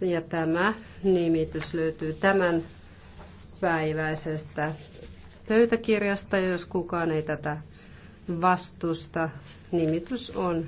ja tämä nimitys löytyy tämän päiväisestä pöytäkirjasta. Jos kukaan ei tätä vastusta, nimitys on